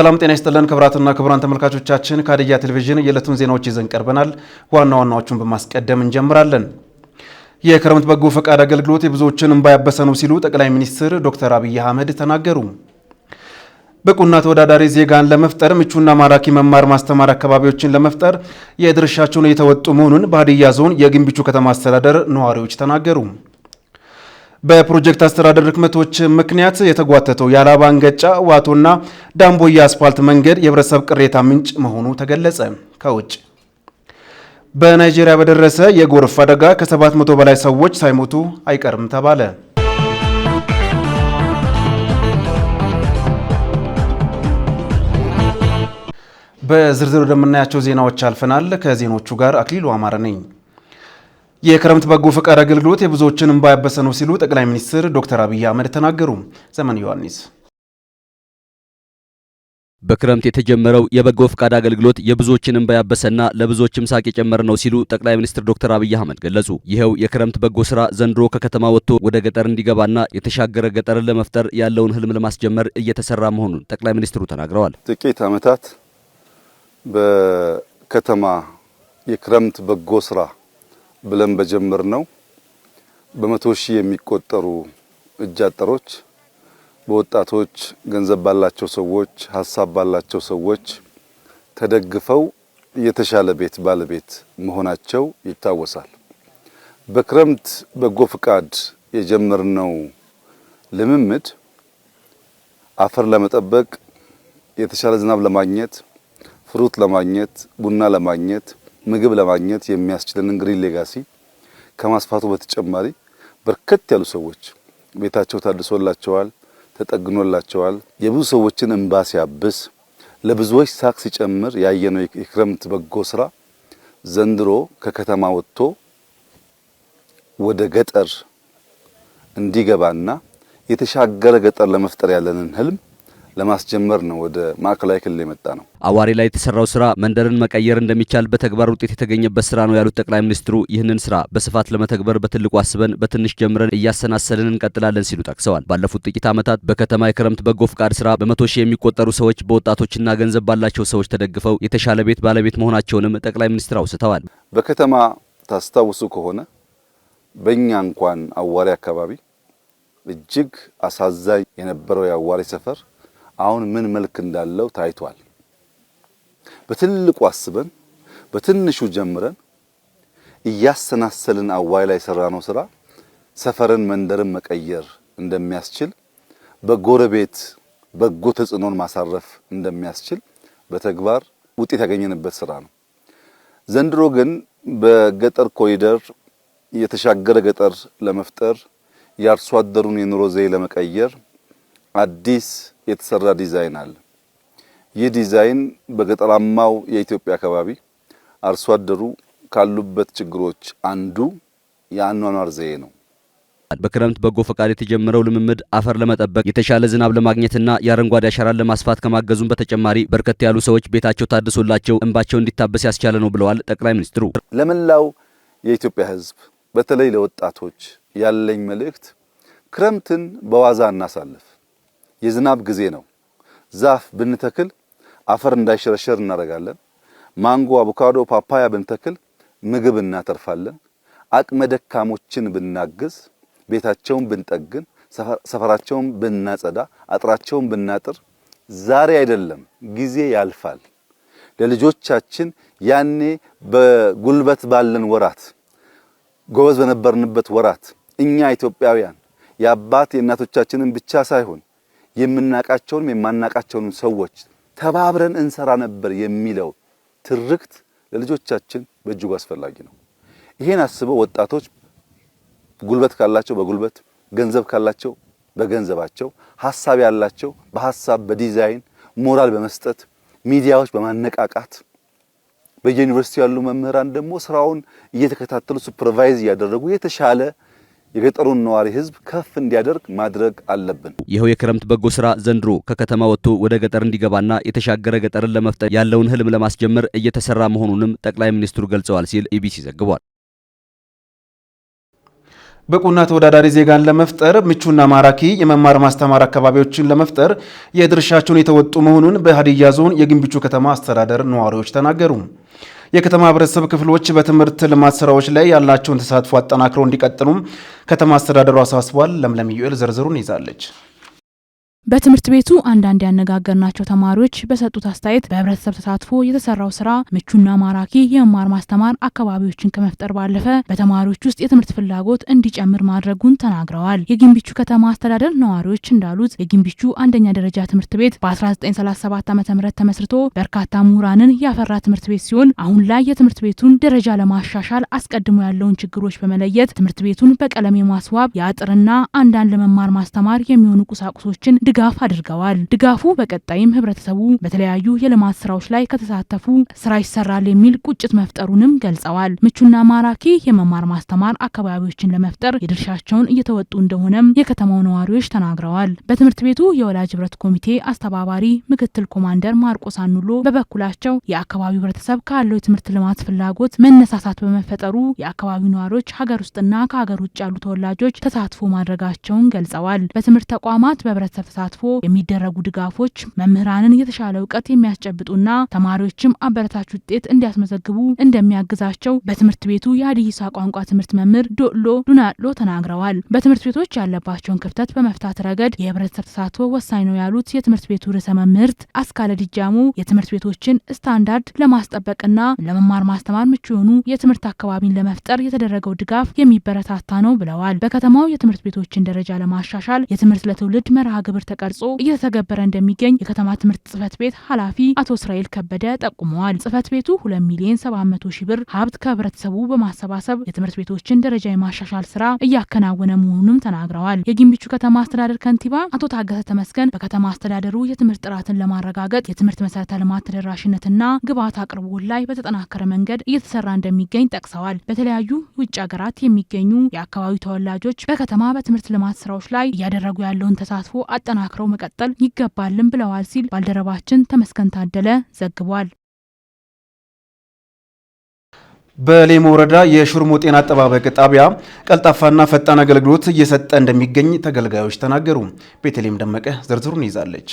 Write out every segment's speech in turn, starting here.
ሰላም ጤና ይስጥልን ክብራትና ክቡራን ተመልካቾቻችን ከሀዲያ ቴሌቪዥን የዕለቱን ዜናዎች ይዘን ቀርበናል። ዋና ዋናዎቹን በማስቀደም እንጀምራለን። የክረምት በጎ ፈቃድ አገልግሎት የብዙዎችን እንባ ያበሰ ነው ሲሉ ጠቅላይ ሚኒስትር ዶክተር አብይ አህመድ ተናገሩ። ብቁና ተወዳዳሪ ዜጋን ለመፍጠር ምቹና ማራኪ መማር ማስተማር አካባቢዎችን ለመፍጠር የድርሻቸውን እየተወጡ መሆኑን በሀዲያ ዞን የግንቢቹ ከተማ አስተዳደር ነዋሪዎች ተናገሩ። በፕሮጀክት አስተዳደር ድክመቶች ምክንያት የተጓተተው የአላባ አንገጫ ዋቶና ዳምቦያ አስፋልት መንገድ የህብረተሰብ ቅሬታ ምንጭ መሆኑ ተገለጸ። ከውጭ በናይጄሪያ በደረሰ የጎርፍ አደጋ ከ700 በላይ ሰዎች ሳይሞቱ አይቀርም ተባለ። በዝርዝር ወደምናያቸው ዜናዎች አልፈናል። ከዜናዎቹ ጋር አክሊሉ አማረ ነኝ። የክረምት በጎ ፈቃድ አገልግሎት የብዙዎችን እንባ ያበሰ ነው ሲሉ ጠቅላይ ሚኒስትር ዶክተር አብይ አህመድ ተናገሩ። ዘመን ዮሐንስ በክረምት የተጀመረው የበጎ ፈቃድ አገልግሎት የብዙዎችን እንባ ያበሰና ለብዙዎችም ሳቅ የጨመረ ነው ሲሉ ጠቅላይ ሚኒስትር ዶክተር አብይ አህመድ ገለጹ። ይኸው የክረምት በጎ ስራ ዘንድሮ ከከተማ ወጥቶ ወደ ገጠር እንዲገባና የተሻገረ ገጠርን ለመፍጠር ያለውን ህልም ለማስጀመር እየተሰራ መሆኑን ጠቅላይ ሚኒስትሩ ተናግረዋል። ጥቂት ዓመታት በከተማ የክረምት በጎ ስራ ብለን በጀመር ነው በመቶ ሺህ የሚቆጠሩ እጅ አጠሮች በወጣቶች ገንዘብ ባላቸው ሰዎች ሀሳብ ባላቸው ሰዎች ተደግፈው የተሻለ ቤት ባለቤት መሆናቸው ይታወሳል። በክረምት በጎ ፍቃድ የጀመርነው ልምምድ አፈር ለመጠበቅ የተሻለ ዝናብ ለማግኘት ፍሩት ለማግኘት ቡና ለማግኘት ምግብ ለማግኘት የሚያስችለንን ግሪን ሌጋሲ ከማስፋቱ በተጨማሪ በርከት ያሉ ሰዎች ቤታቸው ታድሶላቸዋል፣ ተጠግኖላቸዋል። የብዙ ሰዎችን እንባ ሲያብስ ለብዙዎች ሳቅ ሲጨምር ያየነው የክረምት በጎ ስራ ዘንድሮ ከከተማ ወጥቶ ወደ ገጠር እንዲገባና የተሻገረ ገጠር ለመፍጠር ያለንን ህልም ለማስጀመር ነው ወደ ማዕከላዊ ክልል የመጣ ነው። አዋሪ ላይ የተሰራው ስራ መንደርን መቀየር እንደሚቻል በተግባር ውጤት የተገኘበት ስራ ነው ያሉት ጠቅላይ ሚኒስትሩ ይህንን ስራ በስፋት ለመተግበር በትልቁ አስበን በትንሽ ጀምረን እያሰናሰልን እንቀጥላለን ሲሉ ጠቅሰዋል። ባለፉት ጥቂት ዓመታት በከተማ የክረምት በጎ ፍቃድ ስራ በመቶ ሺህ የሚቆጠሩ ሰዎች በወጣቶችና ገንዘብ ባላቸው ሰዎች ተደግፈው የተሻለ ቤት ባለቤት መሆናቸውንም ጠቅላይ ሚኒስትር አውስተዋል። በከተማ ታስታውሱ ከሆነ በእኛ እንኳን አዋሪ አካባቢ እጅግ አሳዛኝ የነበረው የአዋሪ ሰፈር አሁን ምን መልክ እንዳለው ታይቷል። በትልቁ አስበን በትንሹ ጀምረን እያሰናሰልን አዋይ ላይ የሰራነው ስራ ሰፈርን፣ መንደርን መቀየር እንደሚያስችል በጎረቤት በጎ ተጽዕኖን ማሳረፍ እንደሚያስችል በተግባር ውጤት ያገኘንበት ስራ ነው። ዘንድሮ ግን በገጠር ኮሪደር የተሻገረ ገጠር ለመፍጠር የአርሶ አደሩን የኑሮ ዘዬ ለመቀየር አዲስ የተሰራ ዲዛይን አለ። ይህ ዲዛይን በገጠራማው የኢትዮጵያ አካባቢ አርሶ አደሩ ካሉበት ችግሮች አንዱ የአኗኗር ዘዬ ነው። በክረምት በጎ ፈቃድ የተጀመረው ልምምድ አፈር ለመጠበቅ የተሻለ ዝናብ ለማግኘትና የአረንጓዴ አሻራን ለማስፋት ከማገዙም በተጨማሪ በርከት ያሉ ሰዎች ቤታቸው ታድሶላቸው እንባቸው እንዲታበስ ያስቻለ ነው ብለዋል ጠቅላይ ሚኒስትሩ። ለመላው የኢትዮጵያ ሕዝብ በተለይ ለወጣቶች ያለኝ መልእክት ክረምትን በዋዛ እናሳልፍ። የዝናብ ጊዜ ነው። ዛፍ ብንተክል አፈር እንዳይሸረሸር እናደርጋለን። ማንጎ፣ አቮካዶ፣ ፓፓያ ብንተክል ምግብ እናተርፋለን። አቅመ ደካሞችን ብናግዝ፣ ቤታቸውን ብንጠግን፣ ሰፈራቸውን ብናጸዳ፣ አጥራቸውን ብናጥር፣ ዛሬ አይደለም ጊዜ ያልፋል። ለልጆቻችን ያኔ በጉልበት ባለን ወራት ጎበዝ በነበርንበት ወራት እኛ ኢትዮጵያውያን የአባት የእናቶቻችንን ብቻ ሳይሆን የምናቃቸውንም የማናቃቸውንም ሰዎች ተባብረን እንሰራ ነበር የሚለው ትርክት ለልጆቻችን በእጅጉ አስፈላጊ ነው። ይሄን አስበው ወጣቶች ጉልበት ካላቸው በጉልበት ገንዘብ ካላቸው በገንዘባቸው ሀሳብ ያላቸው በሀሳብ በዲዛይን ሞራል በመስጠት ሚዲያዎች በማነቃቃት በየዩኒቨርሲቲ ያሉ መምህራን ደግሞ ስራውን እየተከታተሉ ሱፐርቫይዝ እያደረጉ የተሻለ የገጠሩን ነዋሪ ህዝብ ከፍ እንዲያደርግ ማድረግ አለብን። ይኸው የክረምት በጎ ስራ ዘንድሮ ከከተማ ወጥቶ ወደ ገጠር እንዲገባና የተሻገረ ገጠርን ለመፍጠር ያለውን ህልም ለማስጀመር እየተሰራ መሆኑንም ጠቅላይ ሚኒስትሩ ገልጸዋል ሲል ኢቢሲ ዘግቧል። ብቁና ተወዳዳሪ ዜጋን ለመፍጠር ምቹና ማራኪ የመማር ማስተማር አካባቢዎችን ለመፍጠር የድርሻቸውን የተወጡ መሆኑን በሀዲያ ዞን የግንቢቹ ከተማ አስተዳደር ነዋሪዎች ተናገሩ። የከተማ ህብረተሰብ ክፍሎች በትምህርት ልማት ስራዎች ላይ ያላቸውን ተሳትፎ አጠናክረው እንዲቀጥሉም ከተማ አስተዳደሩ አሳስቧል። ለምለም ዩኤል ዝርዝሩን ይዛለች። በትምህርት ቤቱ አንዳንድ ያነጋገርናቸው ተማሪዎች በሰጡት አስተያየት በህብረተሰብ ተሳትፎ የተሰራው ስራ ምቹና ማራኪ የመማር ማስተማር አካባቢዎችን ከመፍጠር ባለፈ በተማሪዎች ውስጥ የትምህርት ፍላጎት እንዲጨምር ማድረጉን ተናግረዋል። የግንቢቹ ከተማ አስተዳደር ነዋሪዎች እንዳሉት የግንቢቹ አንደኛ ደረጃ ትምህርት ቤት በ1937 ዓ ም ተመስርቶ በርካታ ምሁራንን ያፈራ ትምህርት ቤት ሲሆን አሁን ላይ የትምህርት ቤቱን ደረጃ ለማሻሻል አስቀድሞ ያለውን ችግሮች በመለየት ትምህርት ቤቱን በቀለም የማስዋብ የአጥርና አንዳንድ ለመማር ማስተማር የሚሆኑ ቁሳቁሶችን ድጋፍ አድርገዋል። ድጋፉ በቀጣይም ህብረተሰቡ በተለያዩ የልማት ስራዎች ላይ ከተሳተፉ ስራ ይሰራል የሚል ቁጭት መፍጠሩንም ገልጸዋል። ምቹና ማራኪ የመማር ማስተማር አካባቢዎችን ለመፍጠር የድርሻቸውን እየተወጡ እንደሆነም የከተማው ነዋሪዎች ተናግረዋል። በትምህርት ቤቱ የወላጅ ህብረት ኮሚቴ አስተባባሪ ምክትል ኮማንደር ማርቆስ አኑሎ በበኩላቸው የአካባቢው ህብረተሰብ ካለው የትምህርት ልማት ፍላጎት መነሳሳት በመፈጠሩ የአካባቢው ነዋሪዎች ሀገር ውስጥና ከሀገር ውጭ ያሉ ተወላጆች ተሳትፎ ማድረጋቸውን ገልጸዋል። በትምህርት ተቋማት በህብረተሰብ ተሳትፎ የሚደረጉ ድጋፎች መምህራንን የተሻለ እውቀት የሚያስጨብጡና ተማሪዎችም አበረታች ውጤት እንዲያስመዘግቡ እንደሚያግዛቸው በትምህርት ቤቱ የሀዲሂሳ ቋንቋ ትምህርት መምህር ዶሎ ዱናሎ ተናግረዋል። በትምህርት ቤቶች ያለባቸውን ክፍተት በመፍታት ረገድ የህብረተሰብ ተሳትፎ ወሳኝ ነው ያሉት የትምህርት ቤቱ ርዕሰ መምህርት አስካለ ድጃሙ የትምህርት ቤቶችን ስታንዳርድ ለማስጠበቅና ለመማር ማስተማር ምቹ የሆኑ የትምህርት አካባቢን ለመፍጠር የተደረገው ድጋፍ የሚበረታታ ነው ብለዋል። በከተማው የትምህርት ቤቶችን ደረጃ ለማሻሻል የትምህርት ለትውልድ መርሃ ግብር ተቀርጾ እየተተገበረ እንደሚገኝ የከተማ ትምህርት ጽህፈት ቤት ኃላፊ አቶ እስራኤል ከበደ ጠቁመዋል። ጽህፈት ቤቱ 2 ሚሊዮን 700 ሺህ ብር ሀብት ከህብረተሰቡ በማሰባሰብ የትምህርት ቤቶችን ደረጃ የማሻሻል ስራ እያከናወነ መሆኑንም ተናግረዋል። የግንቢቹ ከተማ አስተዳደር ከንቲባ አቶ ታገሰ ተመስገን በከተማ አስተዳደሩ የትምህርት ጥራትን ለማረጋገጥ የትምህርት መሰረተ ልማት ተደራሽነትና ግብዓት አቅርቦት ላይ በተጠናከረ መንገድ እየተሰራ እንደሚገኝ ጠቅሰዋል። በተለያዩ ውጭ ሀገራት የሚገኙ የአካባቢው ተወላጆች በከተማ በትምህርት ልማት ስራዎች ላይ እያደረጉ ያለውን ተሳትፎ አጠና ተጠናክረው መቀጠል ይገባልን ብለዋል ሲል ባልደረባችን ተመስገን ታደለ ዘግቧል። በሌሞ ወረዳ የሹርሞ ጤና አጠባበቅ ጣቢያ ቀልጣፋና ፈጣን አገልግሎት እየሰጠ እንደሚገኝ ተገልጋዮች ተናገሩ። ቤተልሔም ደመቀ ዝርዝሩን ይዛለች።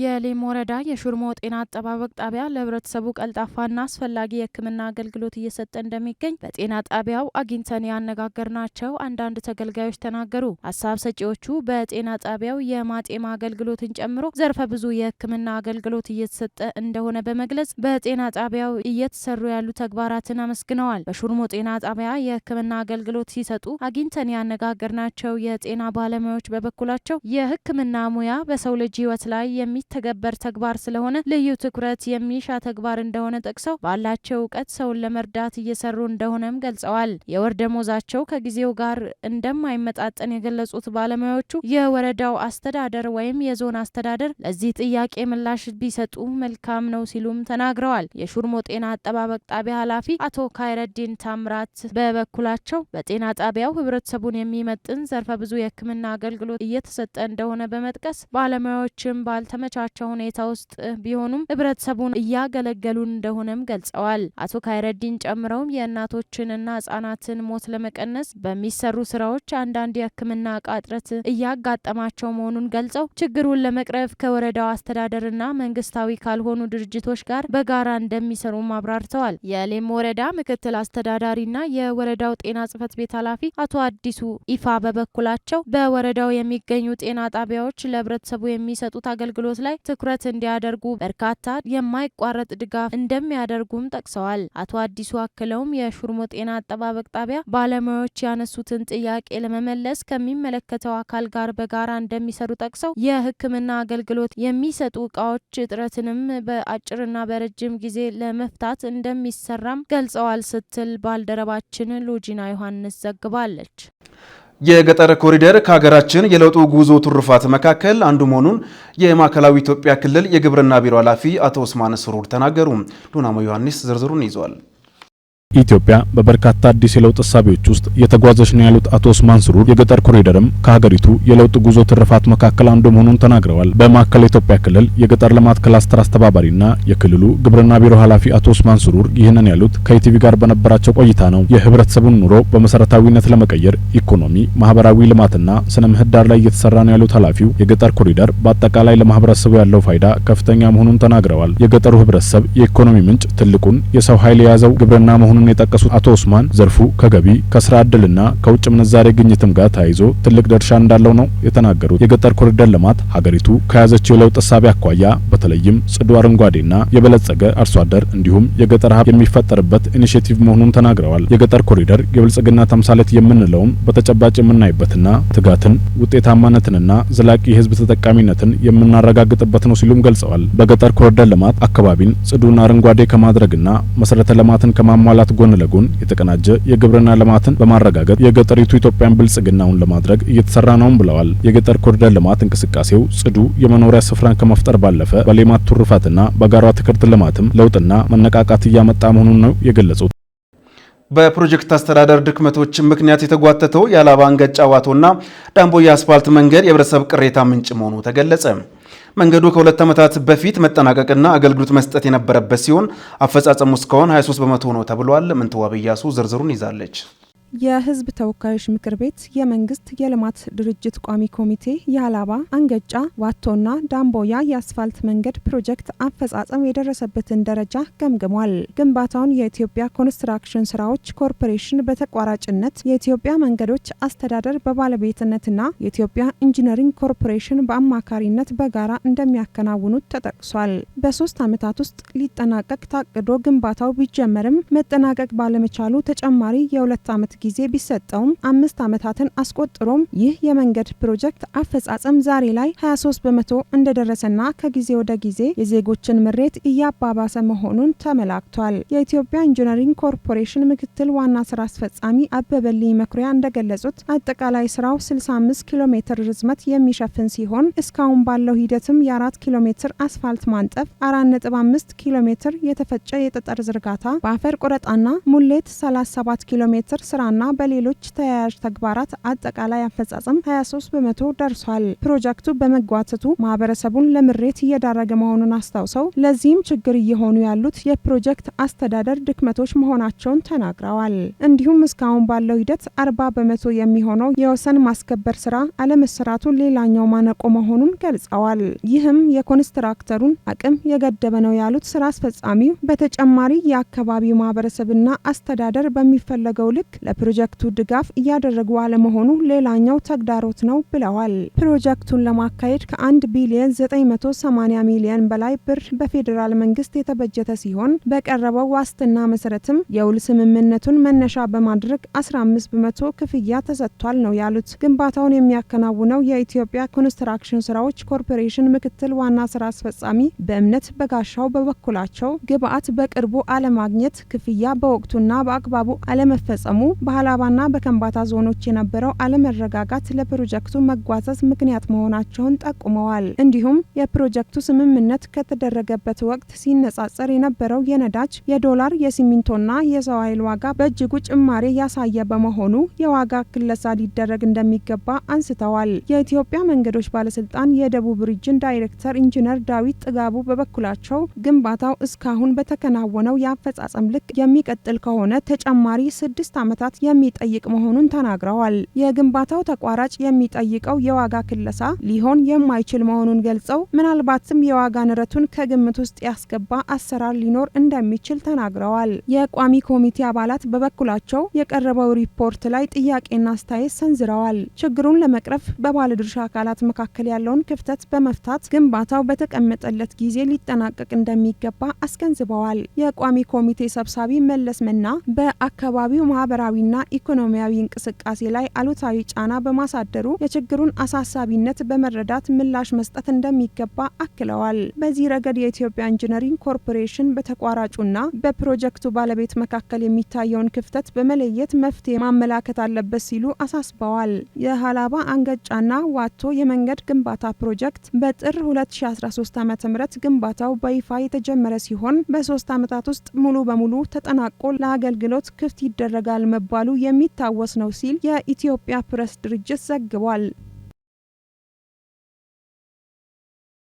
የሌም ወረዳ የሹርሞ ጤና አጠባበቅ ጣቢያ ለህብረተሰቡ ቀልጣፋና አስፈላጊ የሕክምና አገልግሎት እየሰጠ እንደሚገኝ በጤና ጣቢያው አግኝተን ያነጋገርናቸው አንዳንድ ተገልጋዮች ተናገሩ። ሀሳብ ሰጪዎቹ በጤና ጣቢያው የማጤማ አገልግሎትን ጨምሮ ዘርፈ ብዙ የሕክምና አገልግሎት እየተሰጠ እንደሆነ በመግለጽ በጤና ጣቢያው እየተሰሩ ያሉ ተግባራትን አመስግነዋል። በሹርሞ ጤና ጣቢያ የሕክምና አገልግሎት ሲሰጡ አግኝተን ያነጋገርናቸው የጤና ባለሙያዎች በበኩላቸው የሕክምና ሙያ በሰው ልጅ ሕይወት ላይ የሚ የሚተገበር ተግባር ስለሆነ ልዩ ትኩረት የሚሻ ተግባር እንደሆነ ጠቅሰው ባላቸው እውቀት ሰውን ለመርዳት እየሰሩ እንደሆነም ገልጸዋል። የወር ደሞዛቸው ከጊዜው ጋር እንደማይመጣጠን የገለጹት ባለሙያዎቹ የወረዳው አስተዳደር ወይም የዞን አስተዳደር ለዚህ ጥያቄ ምላሽ ቢሰጡ መልካም ነው ሲሉም ተናግረዋል። የሹርሞ ጤና አጠባበቅ ጣቢያ ኃላፊ አቶ ካይረዲን ታምራት በበኩላቸው በጤና ጣቢያው ህብረተሰቡን የሚመጥን ዘርፈ ብዙ የሕክምና አገልግሎት እየተሰጠ እንደሆነ በመጥቀስ ባለሙያዎችም ባልተመ በተመቻቸ ሁኔታ ውስጥ ቢሆኑም ህብረተሰቡን እያገለገሉ እንደሆነም ገልጸዋል። አቶ ካይረዲን ጨምረውም የእናቶችንና ህጻናትን ሞት ለመቀነስ በሚሰሩ ስራዎች አንዳንድ የህክምና እቃ እጥረት እያጋጠማቸው መሆኑን ገልጸው ችግሩን ለመቅረፍ ከወረዳው አስተዳደርና መንግስታዊ ካልሆኑ ድርጅቶች ጋር በጋራ እንደሚሰሩም አብራርተዋል። የሌም ወረዳ ምክትል አስተዳዳሪና የወረዳው ጤና ጽህፈት ቤት ኃላፊ አቶ አዲሱ ኢፋ በበኩላቸው በወረዳው የሚገኙ ጤና ጣቢያዎች ለህብረተሰቡ የሚሰጡት አገልግሎት አገልግሎት ላይ ትኩረት እንዲያደርጉ በርካታ የማይቋረጥ ድጋፍ እንደሚያደርጉም ጠቅሰዋል። አቶ አዲሱ አክለውም የሹርሞ ጤና አጠባበቅ ጣቢያ ባለሙያዎች ያነሱትን ጥያቄ ለመመለስ ከሚመለከተው አካል ጋር በጋራ እንደሚሰሩ ጠቅሰው የሕክምና አገልግሎት የሚሰጡ እቃዎች እጥረትንም በአጭርና በረጅም ጊዜ ለመፍታት እንደሚሰራም ገልጸዋል ስትል ባልደረባችን ሎጂና ዮሐንስ ዘግባለች። የገጠር ኮሪደር ከሀገራችን የለውጡ ጉዞ ትሩፋት መካከል አንዱ መሆኑን የማዕከላዊ ኢትዮጵያ ክልል የግብርና ቢሮ ኃላፊ አቶ ኡስማን ስሩር ተናገሩ። ዱናሞ ዮሐንስ ዝርዝሩን ይዟል። ኢትዮጵያ በበርካታ አዲስ የለውጥ እሳቤዎች ውስጥ የተጓዘች ነው ያሉት አቶ ኡስማን ስሩር የገጠር ኮሪደርም ከሀገሪቱ የለውጥ ጉዞ ትርፋት መካከል አንዱ መሆኑን ተናግረዋል። በማዕከል ኢትዮጵያ ክልል የገጠር ልማት ክላስተር አስተባባሪና የክልሉ ግብርና ቢሮ ኃላፊ አቶ ኡስማን ስሩር ይህንን ያሉት ከኢቲቪ ጋር በነበራቸው ቆይታ ነው። የህብረተሰቡን ኑሮ በመሰረታዊነት ለመቀየር ኢኮኖሚ፣ ማህበራዊ ልማትና ስነ ምህዳር ላይ እየተሰራ ነው ያሉት ኃላፊው የገጠር ኮሪደር በአጠቃላይ ለማህበረሰቡ ያለው ፋይዳ ከፍተኛ መሆኑን ተናግረዋል። የገጠሩ ህብረተሰብ የኢኮኖሚ ምንጭ ትልቁን የሰው ኃይል የያዘው ግብርና መሆኑን መሆኑን የጠቀሱት አቶ ኡስማን ዘርፉ ከገቢ ከስራ ዕድልና ከውጭ ምንዛሬ ግኝትም ጋር ተያይዞ ትልቅ ድርሻ እንዳለው ነው የተናገሩት። የገጠር ኮሪደር ልማት ሀገሪቱ ከያዘችው የለውጥ እሳቤ አኳያ በተለይም ጽዱ አረንጓዴና የበለጸገ አርሶ አደር እንዲሁም የገጠር ሀብት የሚፈጠርበት ኢኒሽቲቭ መሆኑን ተናግረዋል። የገጠር ኮሪደር የብልጽግና ተምሳሌት የምንለውም በተጨባጭ የምናይበትና ትጋትን ውጤታማነትንና ዘላቂ የህዝብ ተጠቃሚነትን የምናረጋግጥበት ነው ሲሉም ገልጸዋል። በገጠር ኮሪደር ልማት አካባቢን ጽዱና አረንጓዴ ከማድረግና መሰረተ ልማትን ከማሟላት ልማት ጎን ለጎን የተቀናጀ የግብርና ልማትን በማረጋገጥ የገጠሪቱ ኢትዮጵያን ብልጽግናውን ለማድረግ እየተሰራ ነውም ብለዋል። የገጠር ኮሪደር ልማት እንቅስቃሴው ጽዱ የመኖሪያ ስፍራን ከመፍጠር ባለፈ በሌማት ትሩፋትና በጋራ ትክርት ልማትም ለውጥና መነቃቃት እያመጣ መሆኑን ነው የገለጹት። በፕሮጀክት አስተዳደር ድክመቶች ምክንያት የተጓተተው የአላባ አንገጫ ዋቶና ዳምቦ የአስፋልት መንገድ የህብረተሰብ ቅሬታ ምንጭ መሆኑ ተገለጸ። መንገዱ ከሁለት ዓመታት በፊት መጠናቀቅና አገልግሎት መስጠት የነበረበት ሲሆን አፈጻጸሙ እስካሁን 23 በመቶ ነው ተብሏል። ምንትዋብ እያሱ ዝርዝሩን ይዛለች። የህዝብ ተወካዮች ምክር ቤት የመንግስት የልማት ድርጅት ቋሚ ኮሚቴ የአላባ አንገጫ ዋቶና ዳምቦያ የአስፋልት መንገድ ፕሮጀክት አፈጻጸም የደረሰበትን ደረጃ ገምግሟል። ግንባታውን የኢትዮጵያ ኮንስትራክሽን ስራዎች ኮርፖሬሽን በተቋራጭነት የኢትዮጵያ መንገዶች አስተዳደር በባለቤትነትና የኢትዮጵያ ኢንጂነሪንግ ኮርፖሬሽን በአማካሪነት በጋራ እንደሚያከናውኑት ተጠቅሷል። በሶስት ዓመታት ውስጥ ሊጠናቀቅ ታቅዶ ግንባታው ቢጀመርም መጠናቀቅ ባለመቻሉ ተጨማሪ የሁለት ዓመት ጊዜ ቢሰጠውም አምስት ዓመታትን አስቆጥሮም ይህ የመንገድ ፕሮጀክት አፈጻጸም ዛሬ ላይ 23 በመቶ እንደደረሰና ከጊዜ ወደ ጊዜ የዜጎችን ምሬት እያባባሰ መሆኑን ተመላክቷል። የኢትዮጵያ ኢንጂነሪንግ ኮርፖሬሽን ምክትል ዋና ስራ አስፈጻሚ አበበልኝ መኩሪያ እንደገለጹት አጠቃላይ ስራው 65 ኪሎ ሜትር ርዝመት የሚሸፍን ሲሆን እስካሁን ባለው ሂደትም የ4 ኪሎ ሜትር አስፋልት ማንጠፍ፣ 4.5 ኪሎ ሜትር የተፈጨ የጠጠር ዝርጋታ፣ በአፈር ቁረጣና ሙሌት 37 ኪሎ ሜትር ስራ በስራና በሌሎች ተያያዥ ተግባራት አጠቃላይ አፈጻጸም 23 በመቶ ደርሷል። ፕሮጀክቱ በመጓተቱ ማህበረሰቡን ለምሬት እየዳረገ መሆኑን አስታውሰው ለዚህም ችግር እየሆኑ ያሉት የፕሮጀክት አስተዳደር ድክመቶች መሆናቸውን ተናግረዋል። እንዲሁም እስካሁን ባለው ሂደት 40 በመቶ የሚሆነው የወሰን ማስከበር ስራ አለመሰራቱ ሌላኛው ማነቆ መሆኑን ገልጸዋል። ይህም የኮንስትራክተሩን አቅም የገደበ ነው ያሉት ስራ አስፈጻሚው በተጨማሪ የአካባቢው ማህበረሰብና አስተዳደር በሚፈለገው ልክ ለፕሮጀክቱ ድጋፍ እያደረጉ አለመሆኑ ሌላኛው ተግዳሮት ነው ብለዋል። ፕሮጀክቱን ለማካሄድ ከ1 ቢሊዮን 980 ሚሊዮን በላይ ብር በፌዴራል መንግስት የተበጀተ ሲሆን በቀረበው ዋስትና መሰረትም የውል ስምምነቱን መነሻ በማድረግ 15 በመቶ ክፍያ ተሰጥቷል ነው ያሉት። ግንባታውን የሚያከናውነው የኢትዮጵያ ኮንስትራክሽን ስራዎች ኮርፖሬሽን ምክትል ዋና ስራ አስፈጻሚ በእምነት በጋሻው በበኩላቸው ግብአት በቅርቡ አለማግኘት፣ ክፍያ በወቅቱና በአግባቡ አለመፈጸሙ በሀላባና በከንባታ ዞኖች የነበረው አለመረጋጋት ለፕሮጀክቱ መጓዘዝ ምክንያት መሆናቸውን ጠቁመዋል። እንዲሁም የፕሮጀክቱ ስምምነት ከተደረገበት ወቅት ሲነጻጸር የነበረው የነዳጅ፣ የዶላር፣ የሲሚንቶና የሰው ኃይል ዋጋ በእጅጉ ጭማሬ ያሳየ በመሆኑ የዋጋ ክለሳ ሊደረግ እንደሚገባ አንስተዋል። የኢትዮጵያ መንገዶች ባለስልጣን የደቡብ ሪጅን ዳይሬክተር ኢንጂነር ዳዊት ጥጋቡ በበኩላቸው ግንባታው እስካሁን በተከናወነው የአፈጻጸም ልክ የሚቀጥል ከሆነ ተጨማሪ ስድስት ዓመታት የሚጠይቅ መሆኑን ተናግረዋል። የግንባታው ተቋራጭ የሚጠይቀው የዋጋ ክለሳ ሊሆን የማይችል መሆኑን ገልጸው ምናልባትም የዋጋ ንረቱን ከግምት ውስጥ ያስገባ አሰራር ሊኖር እንደሚችል ተናግረዋል። የቋሚ ኮሚቴ አባላት በበኩላቸው የቀረበው ሪፖርት ላይ ጥያቄና አስተያየት ሰንዝረዋል። ችግሩን ለመቅረፍ በባለድርሻ አካላት መካከል ያለውን ክፍተት በመፍታት ግንባታው በተቀመጠለት ጊዜ ሊጠናቀቅ እንደሚገባ አስገንዝበዋል። የቋሚ ኮሚቴ ሰብሳቢ መለስ መና በአካባቢው ማህበራዊ ማህበራዊና ኢኮኖሚያዊ እንቅስቃሴ ላይ አሉታዊ ጫና በማሳደሩ የችግሩን አሳሳቢነት በመረዳት ምላሽ መስጠት እንደሚገባ አክለዋል። በዚህ ረገድ የኢትዮጵያ ኢንጂነሪንግ ኮርፖሬሽን በተቋራጩና በፕሮጀክቱ ባለቤት መካከል የሚታየውን ክፍተት በመለየት መፍትሄ ማመላከት አለበት ሲሉ አሳስበዋል። የሀላባ አንገጫና ዋቶ የመንገድ ግንባታ ፕሮጀክት በጥር 2013 ዓ ም ግንባታው በይፋ የተጀመረ ሲሆን በሶስት ዓመታት ውስጥ ሙሉ በሙሉ ተጠናቆ ለአገልግሎት ክፍት ይደረጋል መባል በመባሉ የሚታወስ ነው ሲል የኢትዮጵያ ፕሬስ ድርጅት ዘግቧል።